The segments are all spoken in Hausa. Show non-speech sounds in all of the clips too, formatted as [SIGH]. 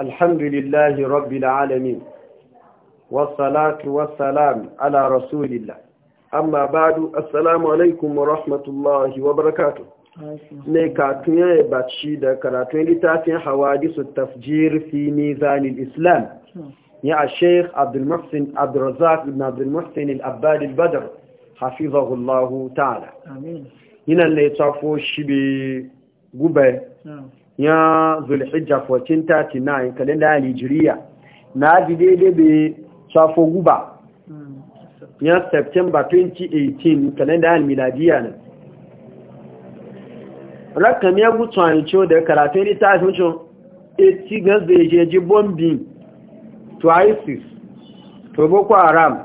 الحمد لله رب العالمين والصلاة والسلام على رسول الله أما بعد السلام عليكم ورحمة الله وبركاته ne katun ya baci da karatun littafin hawadisu tafjir fi mizanil islam hmm. ya a sheikh abdulmuhsin abdulrazak ibn abdulmuhsin al-abbad al-badr hafizahullahu ta'ala yinan ne tafo gube hmm. ya zulhijja 1439 kalenda ya nigeria na ji daidai bai safo guba ya september 2018 kalenda ya miladiya ne rakam ya gutu a yanci da karatun littafin shi 80 e, gan zai je ji bombi to isis to boko haram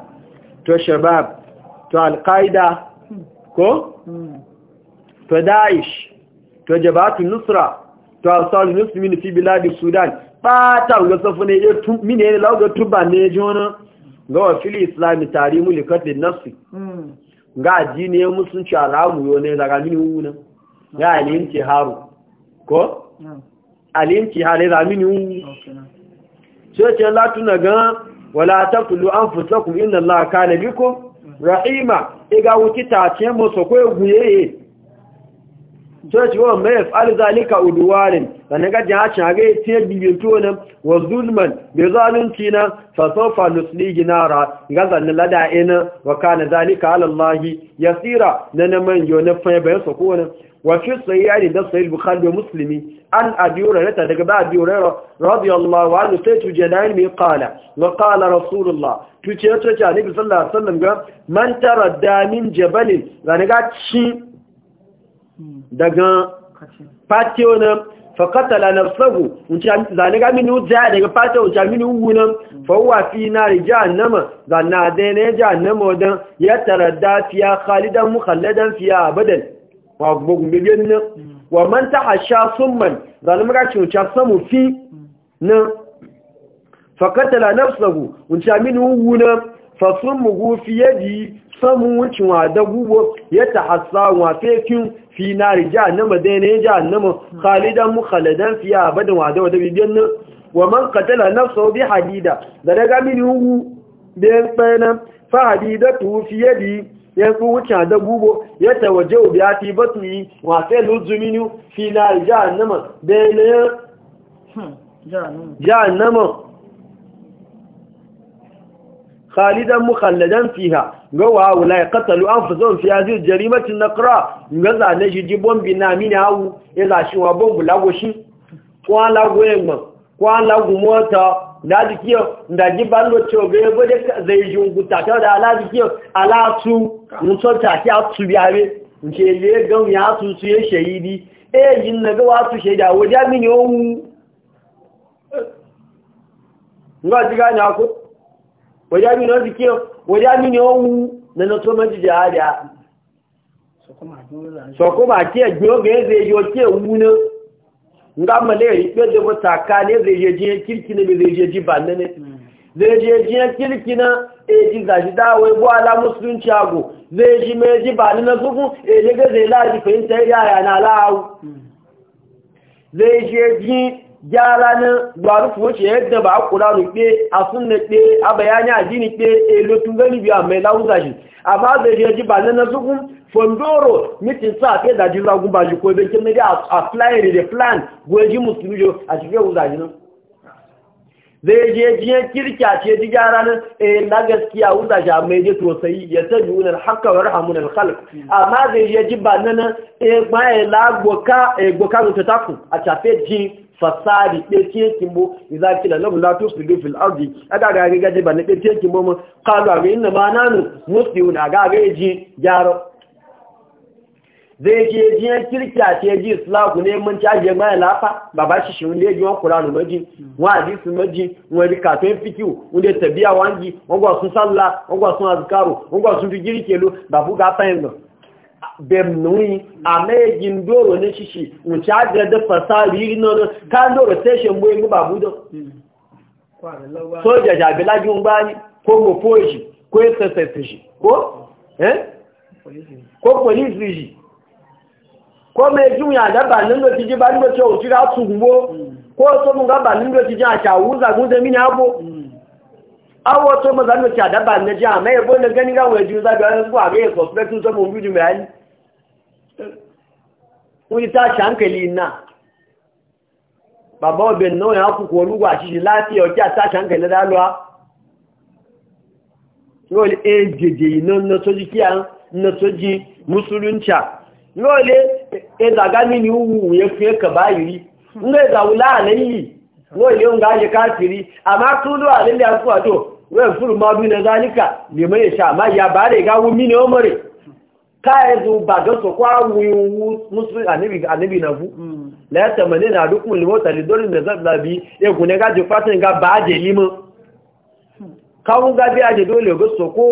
to shabab to al-qaida ko hmm. to daish to jabatun nusra to asal muslimin fi biladi sudan ba ta ga safu ne ya tun ne lawo tuba ne ji wani ga wa fili islami tarimu likatin nafsi hmm. ga addini ya musulunci haramu yo ne daga mini wuna ga alimci haru ko hmm. alimci haru ya mini wuna sai ce latuna ga wala taqulu anfusakum inna allaha kana bikum hmm. rahima iga wuti ta ce mu so ko church wa mai fa'al zalika udwanin dan ga jin hacin ga tiye bibinto nan wa zulman bi zalunci na fa sawfa nuslihi nara ga zan lada ina wa kana zalika ala allah yasira nan man yo na fa bayan so ko nan wa fi sayyari da sahih bukhari wa muslimi an abi hurairah daga ba abi hurairah radiyallahu anhu sai tu jadain mi qala wa qala rasulullah tu ce to ce annabi sallallahu alaihi wasallam ga man taradda min jabalin ga ci daga fatiyo nan fakatala na sagu zane ga mini wuja daga fata wuja mini wunan nan fawwa fi na rija nama zana dai na ja nama wadan ya tarada fiya khalidan mukhalladan fiya abadan wa gbogun bibiyan nan mm. wa man ta hasha summan zane maka cuta samu fi mm. na fakatala na sagu wuja mini ugu nan fasun mugu fiye ji samun wucin wada gubo ya tahassa wafekin fi nari jahannama daina ya jahannama khalidan mu khalidan fiye abadan da wada bibiyan nan wa man katala nafsa bi hadida da daga mini hugu da ya tsayana fa hadida tu fiye ji ya ku wucin da gubo ya waje wa a ti batu yi wafe luzuminu fi nari jahannama daina ya hmm, jahannama khalidan mukhalladan fiha ga wa wala qatalu anfusahum fi hadhihi jarimatin naqra ga za ne shi jibon binamini hawu ila shi wa bombu bulago shi ko ala goyemma ko ala gumota da dikiyo da jiban lo choge bo de zai junguta ta da ala dikiyo ala su mun so ta ki atu biare nke ye gan ya su su ye shahidi E, yin na ga wasu shaida wajen min yo nga diga nya ko wajen mini wasu kiyo wajen mini owu na na tó mẹ́jì jẹ́ àádá sọkọ́mà kí ẹgbẹ́ na ẹzẹ̀ yọ kí ewu ní nga mọ̀lẹ́ na pé na tàkà ní ẹzẹ̀ na kíríkì ní na yẹ na bà na zẹ̀yẹ na kíríkì ní èjì zàjídá àwọn ẹgbọ́ alámúsùlùm na zẹ̀yẹ na bà na sókún na láàrín na tẹ́rí na náà na na gyara na gbaru fuwace yadda ba a ƙuranu ɗe a sunna ɗe a bayani addini ɗe a e lotun gani biya mai lauza shi a ba zai je ji ba na na sukun fondoro mitin sa fiye da jin zagun ba ji ko bin kin da a flying da plan gwaji musulmi a cikin wuzaji nan zai je jiyan a ce ji gyara nan eh, na gaskiya wuta sha mai je tosai ya tabi wunar haka wa rahamun alkhalq amma zai je ji ba nan eh ma ya goka eh, ta taku a tafe ji fasadi ɗe cikin bo iza kila lahu na tusbidu fil ardi aga ga ga ba na ɗe kimbo bo mu qalu inna ma nanu muslimun aga ga ji gyara zai je jiyan kirkiya ce ji islahu ne mun caje mai lafa baba shi shi wanda ji wani kuranu maji wani hadisi maji wani rikatun fikiu wanda tabiya wangi wani sun sallah wani sun azkaru wangwa sun fi girke lo ba ku ga fayin nan bem nuni a mai gindoro ne shi shi mun caje da fasari nan kan doro station boye mu babu da soja jabila ji un bani ko mo poji ko sss ko eh ko police ji ko mai juya da ba nan lokaci ji ba nan lokaci o jira ko so mun ga ba nan lokaci ji a ta wuza mu mini ago awo to mun ga lokaci da ba nan ji a mai bo nan gani ga wai ju za ga su a ga so su so mun ju mai ani mun ta shankali na baba obe no ya ku ko olugwa shi láti oja ta shankali da lo a role so e ina na soji kiya na soji musulunci lóòlé ẹzàgá nínú ìwú yẹfẹ́ kàbá yìí ní ẹzàwò láàrin yìí lóòlé ń gáyẹ káàkiri àmá túnlọ àlẹ́lẹ́ àkúwàtò wọ́n fúrù máa bí nàzáníkà lè mọ́ ìṣà má yà bá rẹ̀ gáwó mínú ọmọ rẹ̀ káẹzù bàjọ́sọ̀kọ́ àwọn ìwú mùsùlùmí àníbìnàfú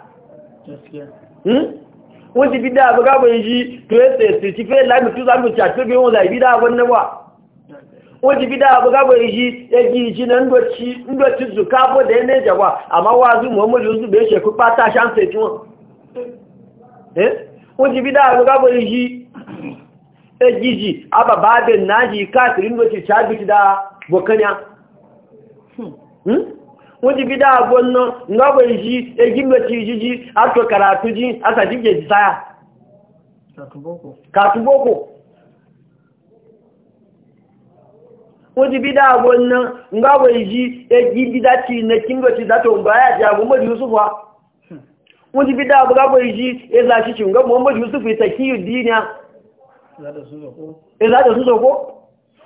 Hmm? wọ́n ti bí dáa bọ́ káàkiri yìí kìrẹ́sẹ̀ ti fẹ́ láàmì tó sáàmì tí a tó láì bí dáa bọ́ wọ́n ti yìí na ndọ̀tí zù káàbọ̀ dẹ̀ wani gida abon nan nabar ji da gimbaci jiji a to tu ji a sa ji Ka saya katuboko wani gida abon nan nabar ji da gidaci na gimbaci zato baya ji abu mai yusuf wa wani gida abu gabar ji ya zaci cin gabar mai yusuf ya taki yi duniya ya zaci su soko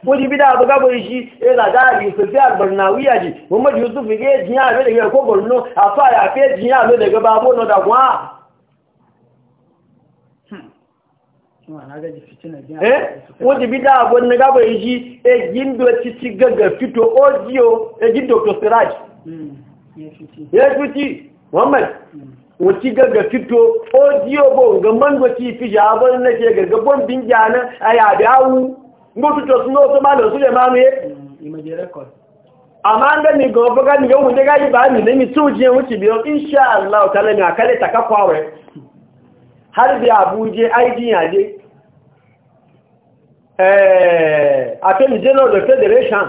wani bida ba gaba shi ya zaga a yi barnawiya ji muhammadu yusuf ya jiya ne daga ko borno a fa ya fe jiya ne daga babo hmm. na da kwa eh, wani bida wani gaba shi ya eh, gindo cici gaga fito ojiyo ya eh, gindo kosiraj hmm. ya fiti muhammadu hmm. wati gaga fito ojiyo bon ga mangoci fi jabar na ke gaga bon jana a yabi awu gbótútọ̀ sínú ó tó bá lọ sílẹ̀ máa ń yé àmá ń gẹ́ni gan ni yóò wùdé gáyé bá nì lẹ́mi tí ó jẹ́ ohun ti bí ọ iṣẹ́ àlá ọ̀tálẹ́mì àkálẹ̀ takakọ́ rẹ̀ haribi àbújẹ́ àìdíyànjẹ́ federation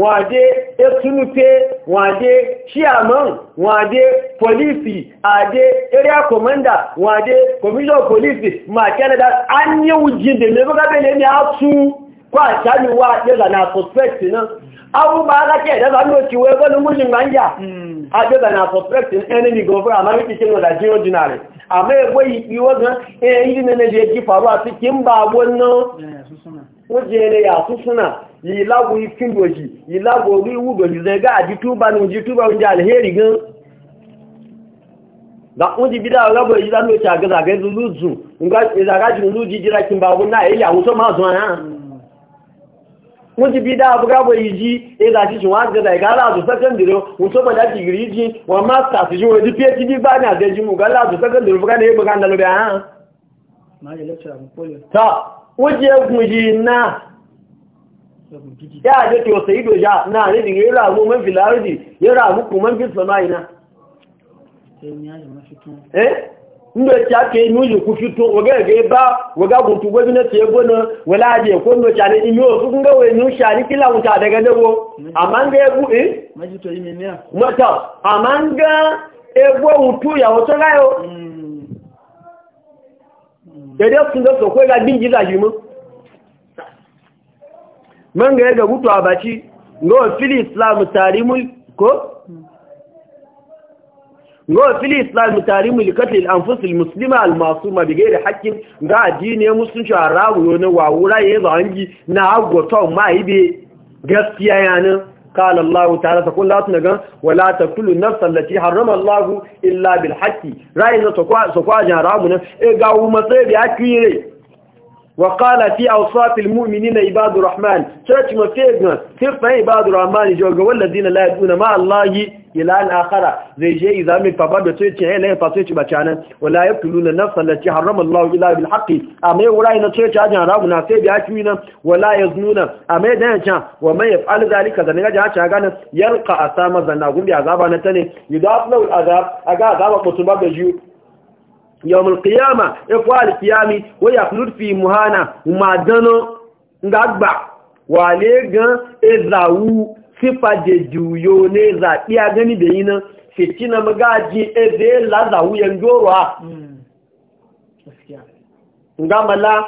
wàdé ẹtúnúpé wàdé chairman wàdé polisi àdé area commander wàdé commissioner police ma canada a ní wùjín dè lébúkábẹ̀lẹ̀ ní a tú kó wà na suspect náà abúgbà alákẹ́ ẹ̀dẹ́gbà ní òkè wẹ́ gọ́nà múlùm máa ń àjẹ́gbà hmm. na suspect ẹni ní gọ́ọ̀fẹ́ àmáríkì tí ó rà jí ordinary ẹgbẹ́ gan ẹ̀yìn nínú àti kí ń bá agbó jẹ́ yìí lágbo ifin dòjì yìí lágbo orí ìwú dòjì zẹ̀gá àti túbà ní ojú túbà oúnjẹ àlèhérì gan wọ́n ti bídá ọlọ́bọ̀ èyí lánàá ti àgẹ́sàgẹ́ lúzù ìzàgájì lú jíjíra kí n bá wọn náà èyí àwọn tó máa zọ àyàn wọ́n ti bídá ọgbọ́gbọ́ èyí jí èdà títí wọ́n àgẹ́sà ìgálà àtò sẹ́kẹ́ndìrì wọ́n tó mọ̀dá ti gìrì jí wọ́n máa tàṣí jí wọ́n ti yi tí bíbá ní àgẹ́jì mú gálà àtò sẹ́kẹ́ndìrì fúkà ní ẹgbẹ̀ká ń dalóbi àyàn ya je to sai do ja na ne din yara mu man fil ardi yara mu kuma man fil samai na mu ku eh? ba waga ku eh? e tu ko ni kila wuta amanga eh maji to imi ne utu ya otola yo hmm. man ga yaga gutu a baci ngo fili islam tarimul ko ngo fili islam tarimul katil al anfus al muslima al masuma bi ghairi haqqin ga addini musulunci a yo na, wa wura yayi zangi na agoto ma ibe gaskiya yana قال الله تعالى تقول لا تنغا ولا تقتلوا النفس التي حرم الله الا بالحق راي نتقوا سقوا جرامنا اي غاو متي بيكيري وقال في أوصاف المؤمنين عباد الرحمن ترك ما فيقنا صرف عباد الرحمن جوغا والذين لا يدون مع الله إلى أن آخر زي جي إذا من فباب يتويتي عين لا يفاسيتي بچانا ولا يقتلون النفس التي حرم الله إلا بالحق أما وراينا ترك عجان رابنا سيبي عشوينا ولا يزنون أما دانشا وما يفعل ذلك إذا نجا عشان يلقى أسامة ذنبهم بعذابنا تاني يضاف له العذاب أقا عذاب مطلوبة بجيو yawon alkiyama efu fi alkiyami wa ya fi lurfi muhana madano wa wale gan ezawu sifa je juyo ne zaɓi a gani da yi nan fiti na magaji eze lazawu yan ngamala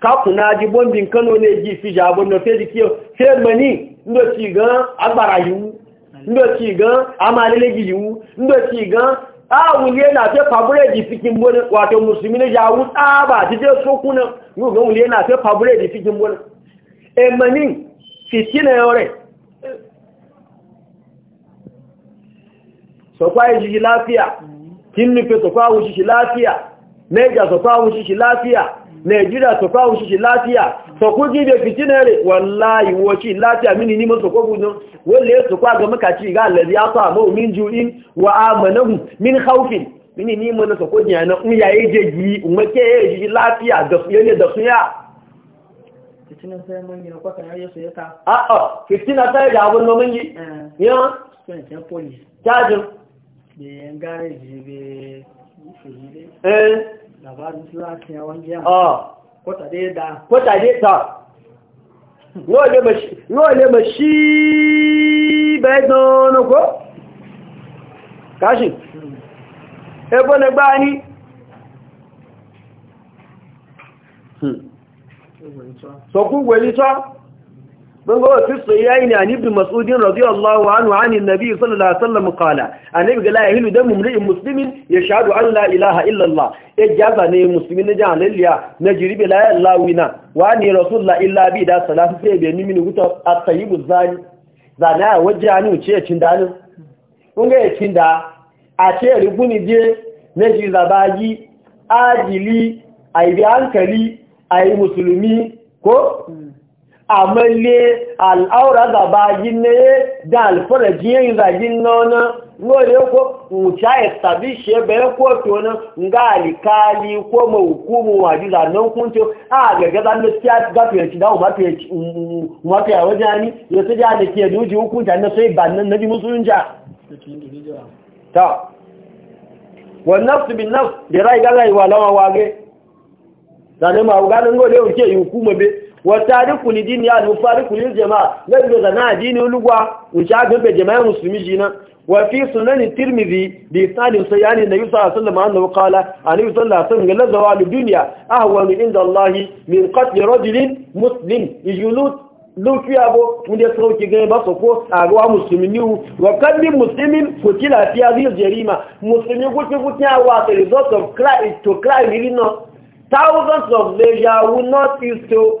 gamala na ji bombin kano ne ji fi jabon na fedi kiyo femani ndo ci gan agbara yiwu ndo ci gan amalele yiwu ndo ci gan a wule na fe fabredi cikin bone wato musulmi ne ya wutsa ba ti je sokuna yau ga na fe fabredi cikin bone e manin fitina yore so kwa yi ji lafiya kin nufe so kwa wuce shi lafiya Niger so kwa sọ̀kún jí ibẹ̀ fìtí náà rẹ̀ wà láì wọ́ṣí láti àmìnì ní mọ́sọ̀kọ́ gúnnà wọ́n lè sọ̀kọ́ àgbàmọ́kàtí ìgá ga àtọ́ àmọ́ òmìn ju in wà ámọ̀náhùn min haufin mini ní mọ́ sọ̀kọ́ jìyà náà ń yà éjẹ yìí òmọ́kẹ́ èjì láti àdọ̀fúyẹ́ dọ̀fúyà fìtínà sáyẹ̀ àwọn ọmọ yìí yán kọ́tà dé dá kọ́tà dé lè mọ̀ sí bẹ́ẹ̀ dánánà káṣì ẹgbọ́n lè ní sọkún wẹ̀lítọ́ mun ga fi sayyayi ne an ibn mas'ud radiyallahu anhu an annabi sallallahu alaihi wasallam qala annabi ga la yahilu damu mri'in muslimin yashhadu an la ilaha illa allah e jaza ne muslimin ja halaliya na jiribi la illawina wa ni rasulullah illa bi da salatu sai be ni min guta at-tayyibu zani zana wajani ce cin dani mun ga cin da a ce rubuni je na ji zabaji ajili ai bi hankali ai musulmi ko hmm. àmọ́lé al'aura gaba gínlẹ̀ da alfura jiyan zagin ko lórí kó wuce establish ebe kotu na ga alikali ko ma hukumu wajen zanen kunto a gaggaza na siya gafiyarci da mafiya wajen ni ya su ja da ke duji hukunta na sai ba nan nabi musulunca ta wannan su bin nafs da rai ga wa lawan wage zanen ma wuganin yau wuce yi hukuma bai watariku ni dini ya nufariku lil jamaa nabi zana dini ulugwa uchaga be jamaa muslimi jina wa fi sunan tirmidhi bi tani sayani nabi sallallahu alaihi wasallam annahu qala ani sallallahu alaihi wasallam zawal dunya ahwanu inda allahi min qatl rajulin muslim yulut lókí abo ndé sọ́rọ̀ kí gẹ́gẹ́ bá sọ́kọ́ àríwá musulmi ní wọ̀kan ní musulmi kò tí láti àríyà jẹ́rìmà musulmi gúkúkú àwọn as a result of crime to crime nínú thousands of they are not used to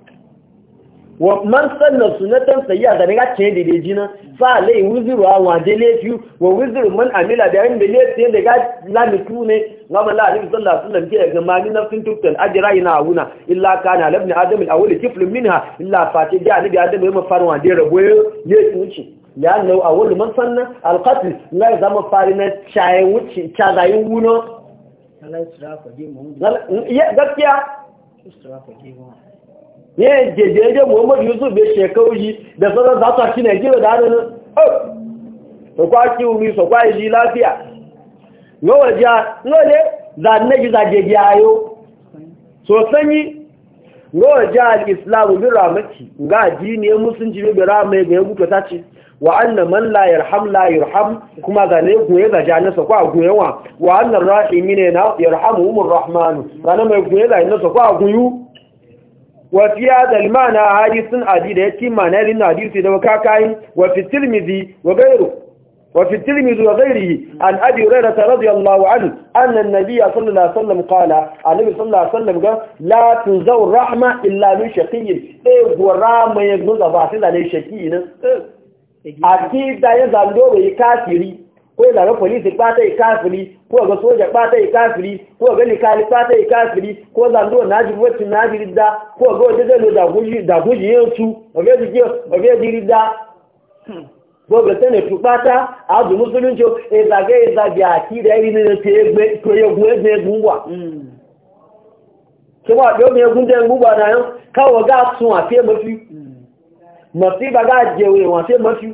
wa man sanna sunatan sayya da ga ce da deji na fa lai wuziru a waje lefi wa wuziru man amila da yin da lefi da ga lamitu ne ngama la alaihi sallallahu alaihi wasallam ke ga mani na sun ina huna illa kana adam al-awwal kiflun minha illa fati da ni da adam farwa rabo tuci ya awwal man wuci cha yin wuno Allah ya tsara mu gaskiya tsara yin jejeje muhammadu yusuf bai shekau yi da sanar za su haƙi nigeria da hannun su oh! kwaki umi su kwa yi lafiya yawon jiya lole za na ji zagege ayo so sanyi yawon jiya al'islamu bin ramaki ga addini ya ji bai ramai ga ya guto ta ce wa annan man la ham la ham kuma ga ne goye ga jani sa kwa goyewa wa annan rahimi ne na yarhamu umar rahmanu ranar mai goye ga na sa kwa goyu وفي هذا المعنى حديث عديد يتي معنى لنا حديث وكاكاين وفي الترمذي وغيره وفي الترمذي وغيره عن أبي هريرة رضي الله عنه أن النبي صلى الله عليه وسلم قال النبي صلى الله عليه وسلم قال لا تنزو الرحمة إلا من شقي إيه هو الرحمة يجنز أبعثنا لشقينا أكيد دا يزال دوره كافري ko ya zaga polisi bata yi kafiri ko ga soja bata yi kafiri ko ga likali bata yi kafiri ko zando na ji wacce na ji ridda ko ga wata zalo da guji da guji yin su oge ji ke ji ridda ko ga tana tu bata a zu musulunci e zaga e zaga a ki da irin ne te gbe to ye gwe ne gungwa ko wa do me gunde gungwa na yo ka wa ga sun afi mafi mafi ba ga jewe wa afi mafi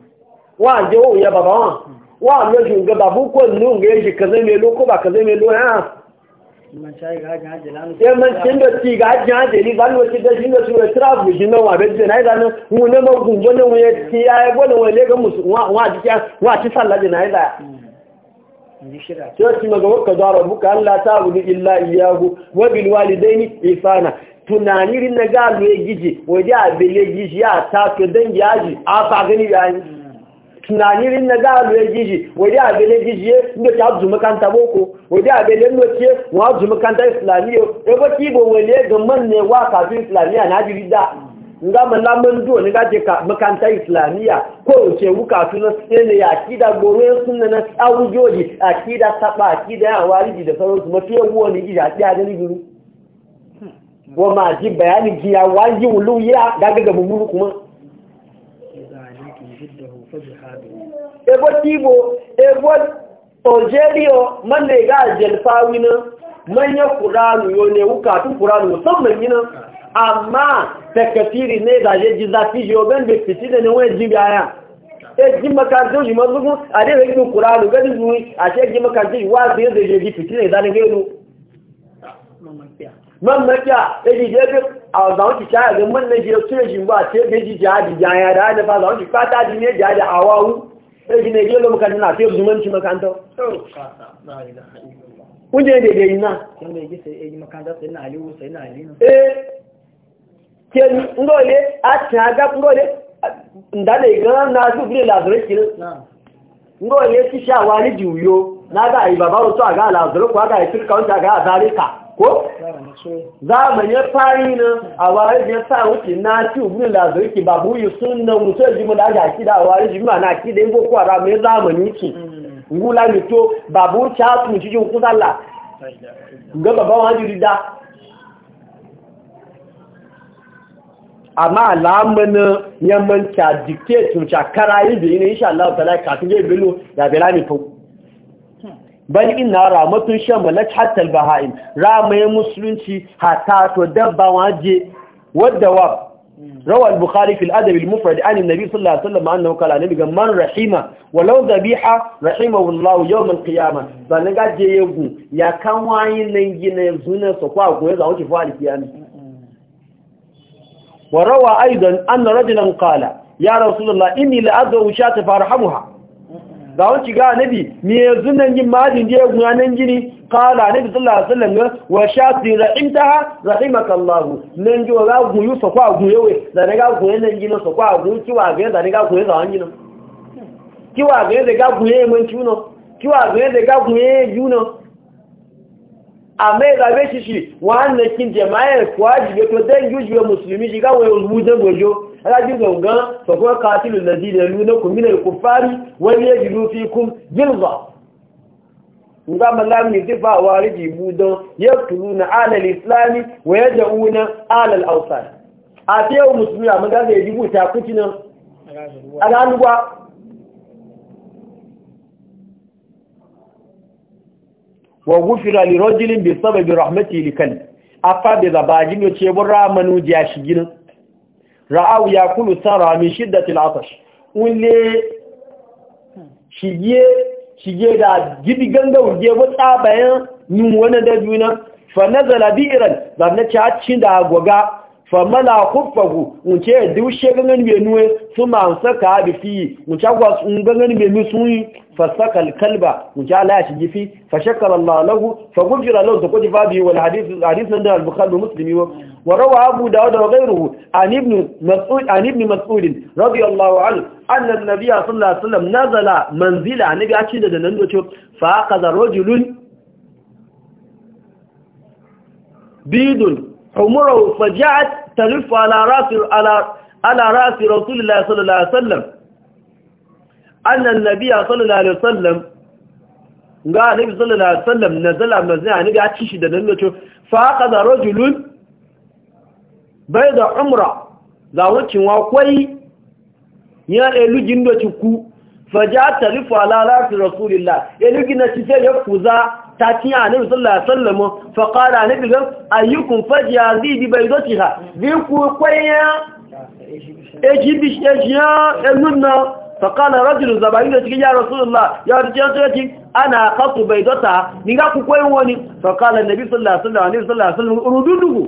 wa je wo ya baba wa wa lo ju ga babu ko nu ga shi kaza me lo ko ba kaza me lo ha man chai ga ja jalan ya man cin da ti ga ja de ni ban wo ti da shin da su wa be je na ga no mu ne ma gun bo ne wo ye ti ya bo ne wo le ga musu wa wa ji ya wa ti sallah ji na ya Sai maga wakka zuwa rabuka Allah ta gudu illa iyahu wa bil walidaini ihsana tunani rin na galu ya gije a bele gije ya ta to dangi yaji a fa gani yayi tunanirin na galu ya giji wadi abele giji ye ndo ta zuma kanta boko wadi abele ndo ce wa zuma kanta islamiyo e ki go wale ga man ne wa ka fi islamiya na ji da nga mala man do ne je ka makanta islamiya ko ce wuka sene ya akida goro sunna na awujoji akida saba akida ya da sauransu mafi a tsaya da ni hmm. wa ma ji bayani giya wa yi wulu ya daga ga mummuru kuma ebo tibo ebo algeria man da ga jalfawi na manyan kuranu yo ne wukatun kuranu musamman yi nan amma takafiri ne da je ji zafi yo ben be da ne wani jibi aya e ji makarantar yi mazugun a dai da gidan kuranu gani zuwi a ce ji makarantar yi wa zai zai je ji fiti ne zanen gailu mamakiya a zaun ki shaya ga mun naje su ya jimba ce ga ji jadi jaya da da fa zaun ki fata ji ne jadi awawu sai ji ne gelo muka tana sai zumanci makanta kun je da dai na kun ne ji sai yi makanta sai na aliyu sai na aliyu eh ke a ta ga ga na su bi la zure ki ngole ki shawa ni na ga ai to ga la zure ko ga ai ga ko? zamanin fari na a wari da ya sa wuce na ci ubin da zurki ba buyi sun na mutu ji mu da aka kida a wari ji ma na kida yin boko haram ya zamani ki mm. ngula mito babu ta tun cikin kusalla ga baban wani rida amma alamun yammanci a dictate mucakara yi da yi na insha Allah ta lai kafin zai bilo da bela ne fau bal inna ramatun shamalat hatta albahaim ramay muslimci hatta to dabba waje wadda wa rawa al-bukhari adab al-mufrad an an-nabi sallallahu alaihi wasallam annahu kala nabi rahima walau dhabiha rahimahu allah yawm al-qiyamah bal ga je yegu ya kan wayin nan gina zuna so kwa go za wuce fa wa rawa aidan anna rajulan qala ya rasulullah inni la'adhu shata farhamuha za a shiga annabi me yanzu nan yin majin je gunanan gini kala annabi sallallahu alaihi wasallam wa shati rahimtaha rahimakallah nan ji wa guyu so kwa guyewe da daga guye nan gino so kwa guyu kiwa ga da daga guye za gino kiwa ga da ga guye mun tuno kiwa ga da ga guye juno shi shi wannan kin jama'a kwaji ga to dan musulmi shiga gojo rajin gangan fa kuma qatilul ladina yalunakum min al-kuffari wa yajidu fikum jilza nga malami difa wariji budan yaktuluna ala al-islami wa yad'una ala alal awsan a tiyo musulmi amma ga da yajibu ta kucinan alaluwa wa gufira li rajulin bi sababi rahmatihi likal afa bi zabajin yo ce bun ramanu jiya shi ginin ra'au ya kulu tsara min shiddatil atash wule shige shige da gidi ganga wuje wata bayan yin wani da juna fa nazala bi'ran zanna ci da goga famala kuffahu unce dushe gangan benuwe su ma saka da fi unce gwas gangan benu sun yi fasaka alkalba unce ala ya shigi fi fa shakara Allah lahu fa gujira ta takuji babi wal hadith hadith da al-bukhari muslimi wa rawa abu dawud wa ghayruhu an ibn mas'ud an ibn mas'ud radiyallahu anhu anna an-nabiy sallallahu alaihi wasallam nazala manzila annabi a cikin da nan doce fa akaza rajulun bidun humura fajat تلف على راس على على راس رسول الله صلى الله عليه وسلم النبي صلى الله عليه وسلم ga nabi sallallahu alaihi wasallam na zala ni a ci shi da nan nato fa qada rajulun da umra za wucin wa kwai ya elugin do ku faja talifu ala na ci ya kuza ta tiya annabi sallallahu alaihi wasallam fa qala annabi ga ayyukum fajiya bi baydatiha bi kwaya ejibi elunna fa qala rajul zabayna cikin ya rasulullah ya rajul cikin ana qatu baydata ni ga ku kwaya woni fa qala annabi sallallahu alaihi wasallam urududuhu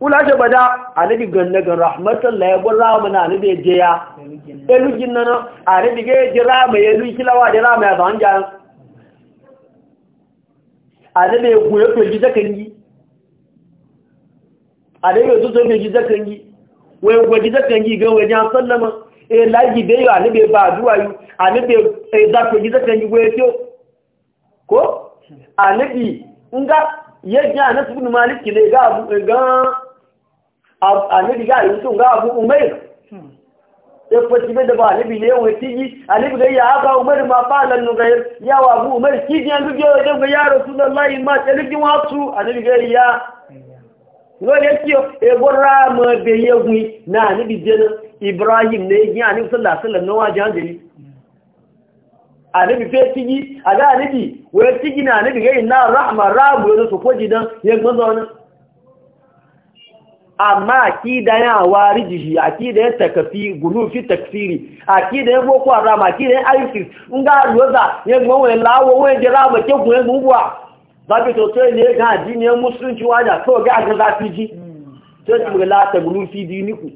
kula ce bada annabi ganna ga rahmatan la yabun ramana annabi je ya elugin nan ga da rama ya adabe goyo to ji zakan yi adabe to to ji zakan yi wai go ji zakan yi ga wajen sallama e laji be yo adabe ba duwa yi adabe e za to zakan yi goyo kyo? ko anabi nga ya yaji anas ibn malik ne ga ga anabi ga yi to ga abu umayr ya kwaci bai da ba alibi ne yawon tigi alibi ga ya haka umar ma falon nugayar yawa bu umar kiji yanzu ga wajen ga ya rasu da layi ma tsalifin wasu alibi ga ya wani yake ebon rama bai yagwi na alibi jenin ibrahim na yi gina alibi sallah sallah na wajen hanjali alibi fe tigi a ga alibi wani tigi na alibi ga yi na rahama ramu yanzu su kwaji don yagban zaune amma akida ya warijiji akida ya takafi gulufi takfiri akida ya boko haram akida ya isis nga loza ya gbanwe lawo wen jira ba ke kun egun bua ba bi to sai ne ga addini musulunci wa da to ga ga za fi ji to hmm. ti e ga la ta gulufi diniku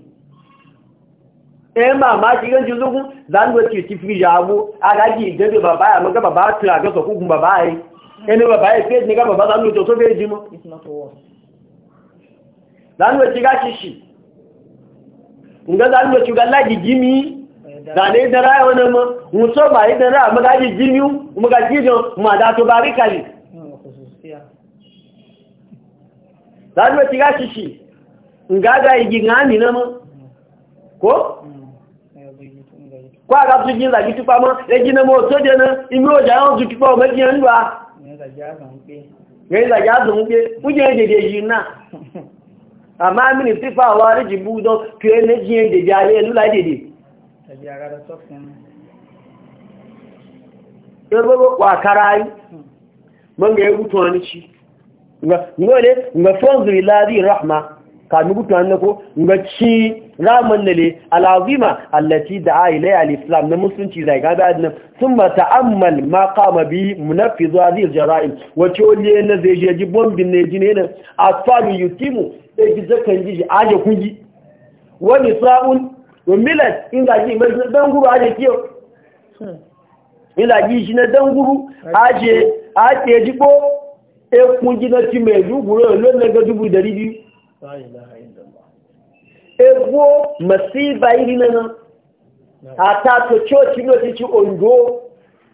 eh mama ki ganji zugun zan go ti ti fi jabu aga ji de baba ya maga baba tu aga so ku baba ai hmm. ene baba e pe ni ga baba zan lo to so be ji mo it's not war zanuwa ci gashi shi nga zanuwa ci galla gigimi zane da raya wani ma muso ba yi da raya maga gigimi maga gijo ma da to bari kari zanuwa ci gashi shi nga ga yi gingami na ma ko? kwa ga su gina zagi tupa ma ya gina ma oto jana imi oja yawon su tupa o meji yan lua ne zagi azun pe kuje dede yi na [LAUGHS] àmá mìíràn fífà àwọn aríjì búdán kí é léjì dèjì ayé ẹlú láìdèdè gbogbo kára ayé mọ́gbẹ̀ ewu tó ọ̀nìṣì kanu gutuwan na ko ci ramin nale alazima allaci da a ilai al'islam na musulunci zai ga da nan thumma ta'ammal ma kama bi munaffizu zuwa zai jara'in wace wani na zai ji ji bombin ne jine a asfali yutimu da e ji zakan ji aje kungi wani sa'un wa milat in ga ji mai dan guru aje kiyo in ga ji shi na dan guru aje aje jibo e kungi na ci mai duburo lo na ga dubu biyu. ego masiba iri nana atato chochi no tichi ondo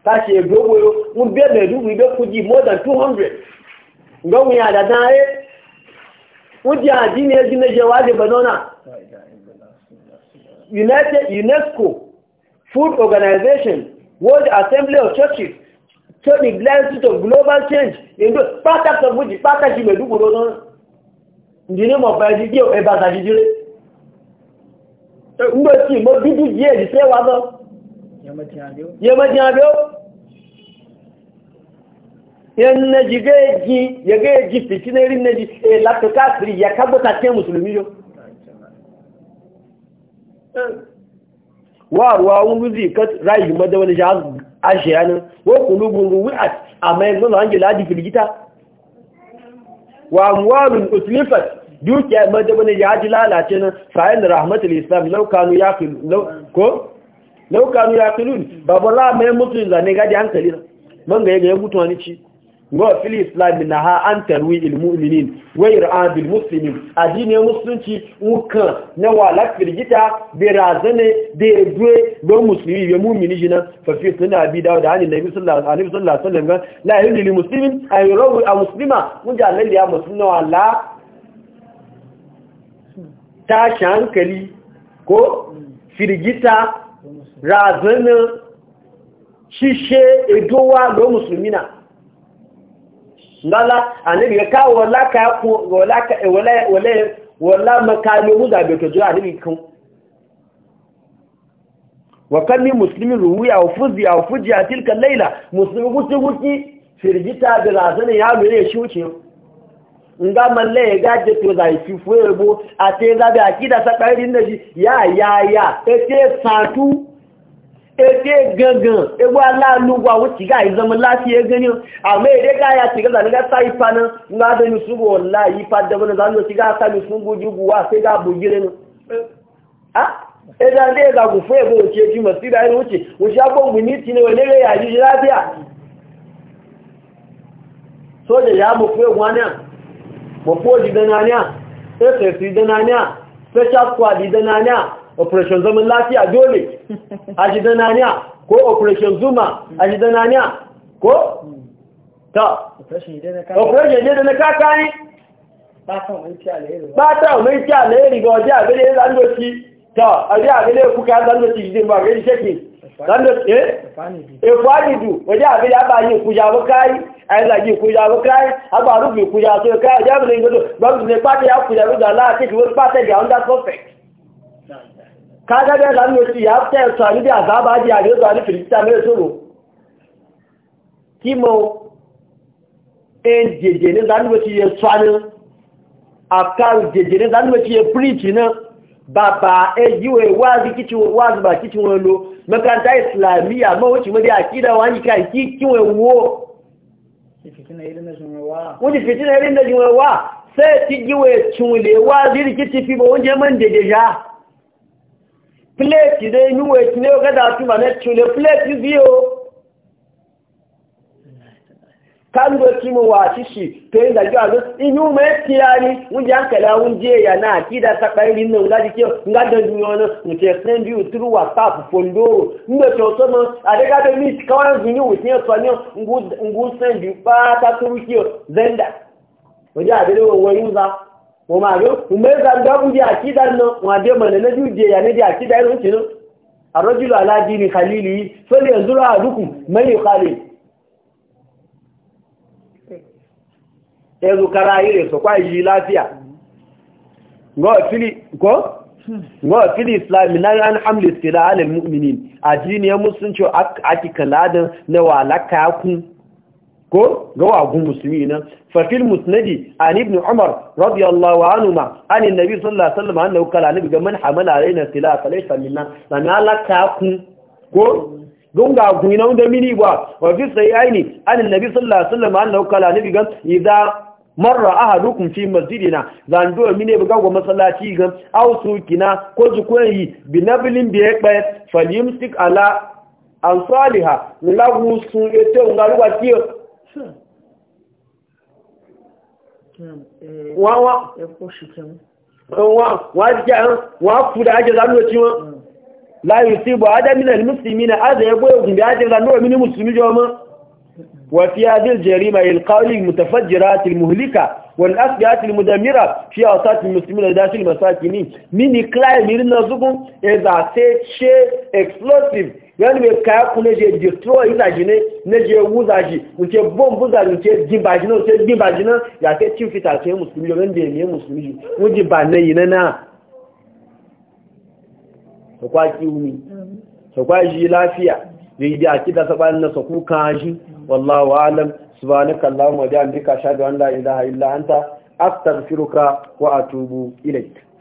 tashi ego boyo mun be medu we be kuji more than 200 ngo we ada dare uji adini ezine jewaje banona United UNESCO Food Organization World Assembly of Churches to the Institute of Global Change in the part of which part of Meduguro ìdí ní mọ̀fà ìdíjí ẹ̀bà àtàdíjí rẹ̀ ń gbé tí mọ́ bíbí jí èdè tí wà náà yẹmọ́tí àbíó yẹnẹ́jì gẹ́ẹ̀jì yẹgẹ́ẹ̀jì fìtínẹ́rí nẹ́jì látọkáàkiri yàkágbọ́ta tí mùsùlùmí yóò wà rúwa ń rúzì ráyìí mọ́dẹ́wọ́n wa amwalun uslifat dukiya mai da ya ji lalace na sa'in rahmatul islam law kanu yaqil ko law kanu babu la mai mutu zane gadi hankali man ga ya mutu wani ci wa fil islam naha an tarwi al mu'minin wa ir'ad al muslimin adini musulunci uka na wala firgita bi razane da de don muslimi ya mu'mini jina fa fi sunna abi dawud an nabi sallallahu alaihi wasallam ga la yuhillu lil muslimin ay rawi al muslima lalle ya musulma wala ta shankali ko firgita razana shishe edowa do musulmina ngala anabi ka wala ka ko wala ka wala wala wala makami muda be to jira anabi kan wa kan muslimin ruwiya wa fuzi wa fujiya tilka laila, muslimu gusti gusti firgita da razana ya mere shi wuce nga malle ga je to da shi fuego a te da akida sa kairin da shi ya ya ya te satu ete gangan egwu alalugwa wuce ga zama lafiya gani amma ide ga ya tiga gaza ga sai fana e e na da ni sugo wallahi fa da bana zan ci ga sai sun guji guwa sai ga bugire ne a idan dai ga ku fe go ce ji masira ne wuce wuce abon gumi ti ne wani ga ya ji lafiya so da ya mu fe gwani mu ko ji dananiya sai anya dananiya sai chakwa di anya. operation zaman lafiya dole [LAUGHS] a shi dananiya ko operation zuma a shi dananiya ko ta operation ne da na kaka ne ba ta mai ci alheri ga waje a gane zandoci ta a zai a gane kuka zandoci zai ba gani shekin zandoci eh efanidu eh, waje a gane abayi kuja ba a yi zagi kuja ba kayi abaru bi kuja so a jami'in gado babu ne pata ya kuja ba da la'a cikin wasu pata ga under suspect kaga da lamu ci ya ta tsari da azaba ji a yau zani filista mai tsoro kimo en jeje ne zani ci ya tsani afkar jeje ne zani ci ya preach ne baba e eh, yiwe wazi kici wazi ba kici wolo makaranta islamiyya ma wuce mu da akida wani kai kici wo fitina irin da jinwa wuce fitina irin da jinwa sai ci giwe cinle wazi kiti fi ba wanje man jeje ja plate na inú ètì ní ọgẹ́dà tí mà nẹ́tì lè pléètì bí o káńgó tí mo wà ṣíṣì tó ń dájọ́ àlọ́ inú mẹ́ ti ra ní oúnjẹ àǹkẹ̀lẹ̀ oúnjẹ èyà náà kí ìdá sápá ìrì náà láti kí ọ̀gá dẹ̀dù wọn náà nìkẹ́ sẹ́ńdì òtúrú wàsáàpù fòndóòrò nígbàtí ọ̀sọ́ mọ́ àdékádé ní káwọn ìgbìyànjú òtí ẹ̀sọ́ ní wọ́n ma rí ọmọdé gbogbo di àkídà náà wọ́n àdé mọ̀lẹ̀ lójú ìdí ẹ̀yà níbi àkídà ìrùn tìǹú àrọ́jùlọ aládìí ní khalili fẹ́lẹ̀ ẹ̀zúrọ̀ àdúkù mẹ́yìn khalil ẹ̀rù kara ayé rẹ̀ sọ̀kọ́ àyíyí láfíà ngọ́ fili islami na mu'minin addini ya musulunci akikan ladan na wa ko gawa gun musulmi nan fafil musnadi an ibn umar radiyallahu anhu ma an annabi sallallahu alaihi wasallam annahu kala nabi ga man hamala alaina sila falaysa minna dan Allah ta ku ko gunga guinan da mini ba wa fi sai aini an annabi sallallahu alaihi wasallam annahu kala nabi ga idza marra ahadukum fi masjidina zan do mini ne ga go masallaci ga aw sukina ko zukuwan yi binablin bi yakba falyumsik ala an saliha lagu sun ete ngaruwa kiyo wọ́n eh, wá wọ́n fúdá ajẹ́ lánúwà tí láyé sí bọ̀ adámínà ní na azẹ̀ ẹgbẹ́ ògùn bí ajẹ́ lánúwà mí mùsùlùmí jọ mọ́ وفي هذه الجريمة القول المتفجرات المهلكة والأسجات المدمرة في أوساط المسلمين داخل المساكنين من إقلاع من نزقهم إذا سيت شيء explosive yani mai kaya ku ne je destroy ina shi ne na je wuza shi wuce bomb wuza shi wuce jina, shi na wuce ya ke cin fita ce musulmi yau wanda ya musulmi wuce ba na yi na na lafiya da yi da na wallahu a'lam subhanaka allahumma wa bihamdika ashhadu an la ilaha illa anta ko a atubu ilayk